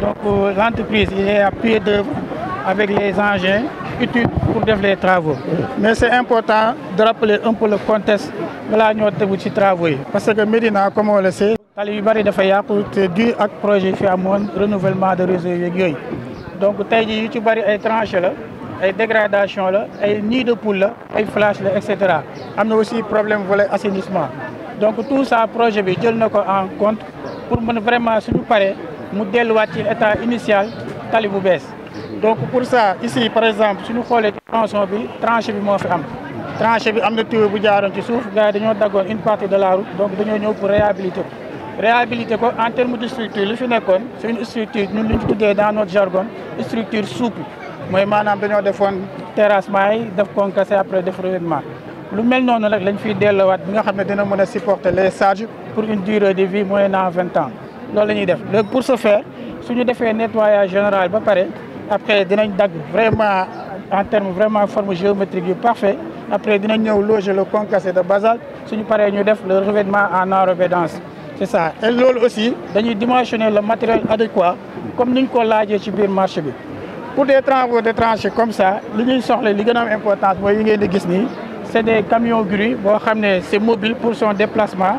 donc euh, l'entreprise est à pied d'œuvre avec les engins utiles pour faire les travaux. Mais c'est important de rappeler un peu le contexte de la avons ci travaux parce que Medina, comme on le sait. tali yu dafa projet fi renouvellement de réseau donc tey jii yu ci bëri ay tranché la ay dégradation là, ay nid de poule les ay flash etc. Il y a aussi problème volet assainissement donc tout ça projet bi en compte pour vraiment se préparer mu delluwaat ci état initial Talibou bu donc pour ça ici par exemple suñu nous tronçon bi tranches bi moo fi am tranché bi am na tuyau bu jaaroon ci suuf gars une partie de la route donc nous ñëw pour réhabiliter réhabiliter ko en terme de structure li fi c'est une structure nous li ñu dans notre jargon structure souple mooy maanaam dañoo defoon terrassement yi def concassé après def revêtement lu mel noonu rek lañ fiy delluwaat bi nga xam dina supporter les charges pour une durée de vie à 20 ans pour ce faire nous fait un nettoyage général après nous avons vraiment en terme vraiment forme géométrique parfait après nous avons loger le concassé de basalte suñu paree ñu le revêtement en enrobé c'est ça et l'eau aussi dañuy dimensionner le matériel adéquat comme nous ko fait ci marché pour des travaux de tranchées comme ça nous qui une li de a am c'est des camions gris qui sont mobiles c'est mobile pour son déplacement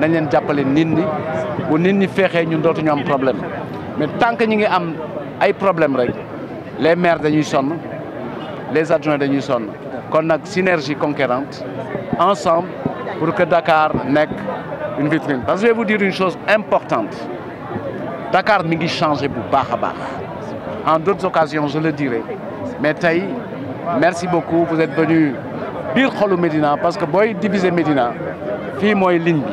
Nous avons appelé nit ni bu nit ni fexé ñun mais tant que nous avons des problèmes les maires de sonn les adjoints dañuy sonn kon une synergie conquérante ensemble pour que Dakar soit une vitrine parce que je vais vous dire une chose importante Dakar mi ngi changé bu en d'autres occasions je le dirai mais Taï, merci beaucoup vous êtes venu biir xolou Medina parce que vous diviser Medina fi moy ligne bi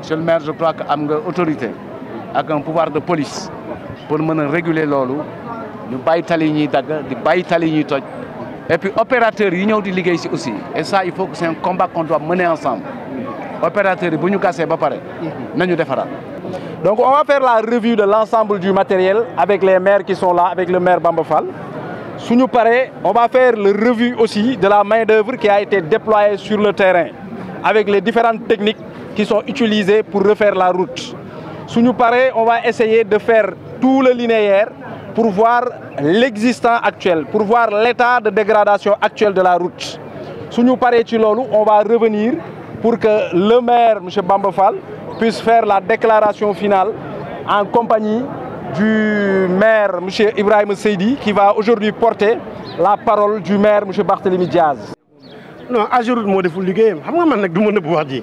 monsieur le maire je crois y a une autorité un pouvoir de police pour mener réguler l'eau. et puis opérateur yi ñëw di aussi et ça il faut que c'est un combat qu'on doit mener ensemble Opérateurs, yi nous donc on va faire la revue de l'ensemble du matériel avec les maires qui sont là avec le maire Bambofal. Sous-nous, paraît on va faire le revue aussi de la main d'œuvre qui a été déployée sur le terrain avec les différentes techniques qui sont utilisés pour refaire la route. Si nous paraît, on va essayer de faire tout le linéaire pour voir l'existant actuel, pour voir l'état de dégradation actuel de la route. Si nous paraît, on va revenir pour que le maire, M. Bambefal, puisse faire la déclaration finale en compagnie du maire, M. Ibrahim Seydi, qui va aujourd'hui porter la parole du maire, M. Barthélémy Diaz. Non, pas si je suis le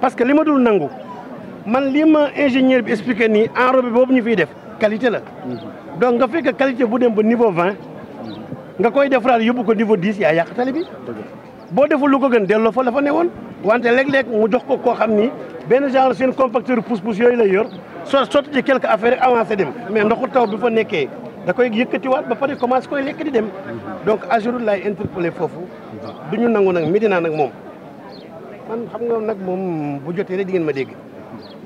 parce que li ma nangu c'est que ingénieur bi expliqué c'est enrobé ñu a def qualité la. donc nga que qualité bu dem au niveau 20, nga koy que yóbbu niveau 10 yaa yàq tali bi. boo deful vous gën delloo fa la fait. mu jox ko des compacteur pousse-pousse yor sotti quelque affaire avancé dem mais vous taw bi fa peu da koy ba koy dem donc vous lay interpellé nangu man xam nga nag moom bu jotee rek di ngeen ma dégg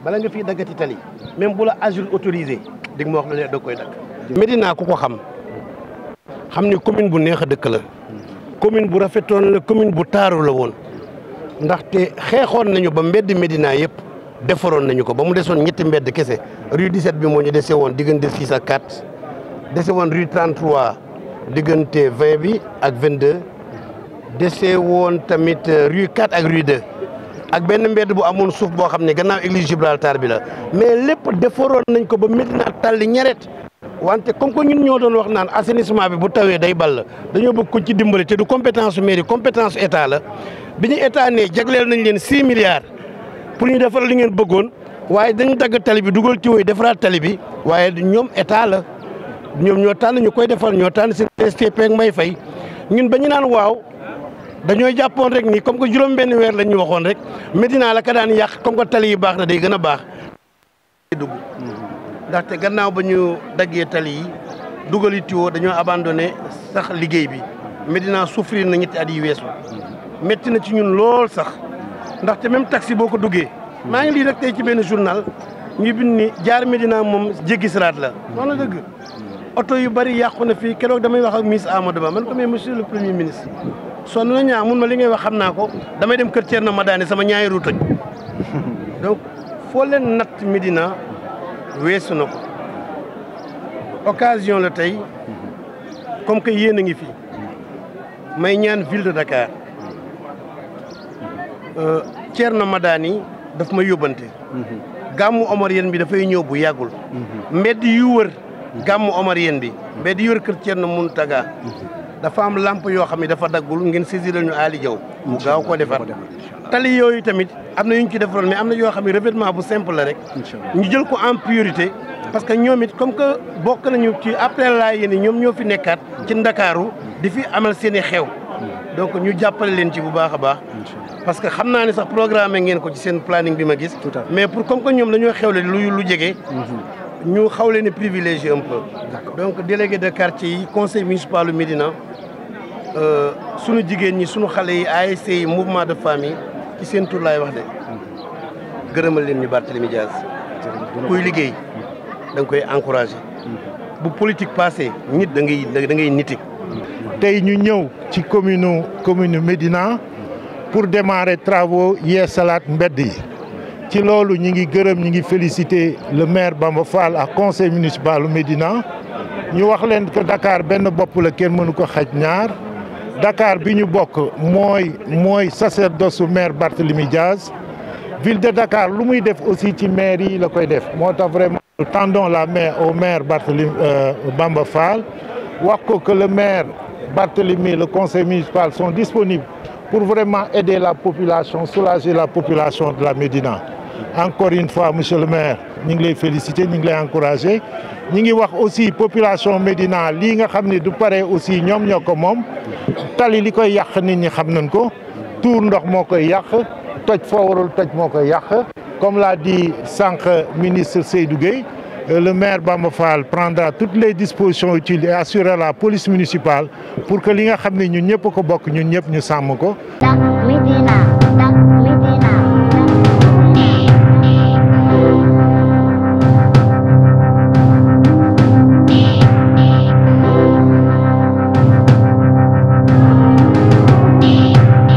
bala nga fii daggati tali même bu la Azur autorisé dig ma wax la ne da koy dagg. Médina ku ko xam xam ni commune bu neex a dëkk la commune bu rafetoon la commune bu taaru la woon ndaxte xeexoon nañu ba mbedd Médina yëpp defaroon nañu ko ba mu desoon ñetti mbedd kese rue 17 bi moo ñu dese woon diggante 6 ak 4 dese woon rue 33 diggante 20 bi ak 22 dese woon tamit euh, rue 4 ak rue 2. ak benn mbedd bu amoon suuf boo xam ne gannaaw église Gibraltar bi la mais lépp defaroon nañ ko ba Médina tàlli ñeret wante comme que ñun ñoo doon wax naan assainissement bi bu tawee day ball dañoo bëgg ko ci dimbali te du compétence mairie compétence état la bi ñu état ne jagleel nañ leen sii milliards pour ñu defaral li ngeen bëggoon waaye dañ dagg tali bi dugal ci defaraat tali bi waaye ñoom état la ñoom ñoo tànn ñu koy defal ñoo tànn seen STP ak may fay ñun ba ñu naan waaw dañoo jàppoon rek nii comme que juróom benn weer lañ ñu waxoon rek Medina la ka daan yàq comme que tali yi baax na day gën a baax. dugg ndaxte gannaaw ba ñu daggee tali yi dugali dañoo abandonné sax liggéey bi Medina souffrir na ñetti at yi weesu. métti na ci ñun lool sax ndaxte même taxi boo ko duggee. maa ngi lii nag tey ci benn journal ñu bi ni jaar Medina moom jéggi siraat la. wax dëgg oto yu bari yàqu na fii keroog damay wax ak ministre Amadou Ba man ko mais monsieur sonn na ñaa mun ma li ngay wax xam naa ko damay dem kër Thierno Madani sama ñaay ru toj donc foo leen natt Médina weesu na ko occasion la tey comme que yéen a ngi fi may ñaan ville de Dakar euh, Thierno madaani daf may yóbbante mhm. gàmmu Omarienne bi dafay ñëw bu yàggul mhm. mbedd yu wër mhm. gàmmu Omarienne bi mbedd di wër kër Thierno taga dafa am lamp yoo xam ne dafa daggul ngeen saisir ñu Ali Diaw mu gaaw koo defar tali yooyu tamit am na yu ñu ci defaroon mais am na yoo xam ne revêtement bu simple la rek ñu jël ko en priorité parce que ñoom it comme que bokk nañu ci après laa yéen ñoom ñoo fi nekkaat ci Ndakaaru di fi amal seen i xew donc ñu jàppale leen ci bu baax a baax parce que xam naa ne sax programme ngeen ko ci seen planning bi ma gis mais pour comme que ñoom dañoo xewle lu lu jege mm-hmm. Nous, sommes un peu. donc délégué de quartier conseil municipal Médina euh, nous mouvement de famille qui sont de Barthélémy mm-hmm. politique passé nous sommes ngay Nous Nous mm-hmm. commune Médina pour démarrer travaux hier salat yi ci loolu ñi ngi gërëm ñi le maire Bamba Fall le conseil municipal de Médina Nous wax leen que Dakar benn bopule la mënu ko xaj ñaar Dakar bi ñu bokk moy mooy sacerdoce su maire Barthélemy Diaz ville de Dakar lu muy def aussi ci maire yi la koy def moo vraiment nous tendons la main au maire Barthélemy euh, Bamba Fall wax ko que le maire Barthélemy le conseil municipal sont disponibles pour vraiment aider la population soulager la population de la Médina encore une fois monsieur le maire nous lay féliciter ñu lay encourager ñu wax aussi population Médina lii nga xam ne du nous aussi ñoom ñoo ko tali li koy yàq nit ñi Tout le ko tuur ndox moo koy toj comme l'a dit le ministre Seydou euh, le maire Bamofal prendra toutes les dispositions utiles et assurera la police municipale pour que li nga xam ne ñun ñëpp ko ñun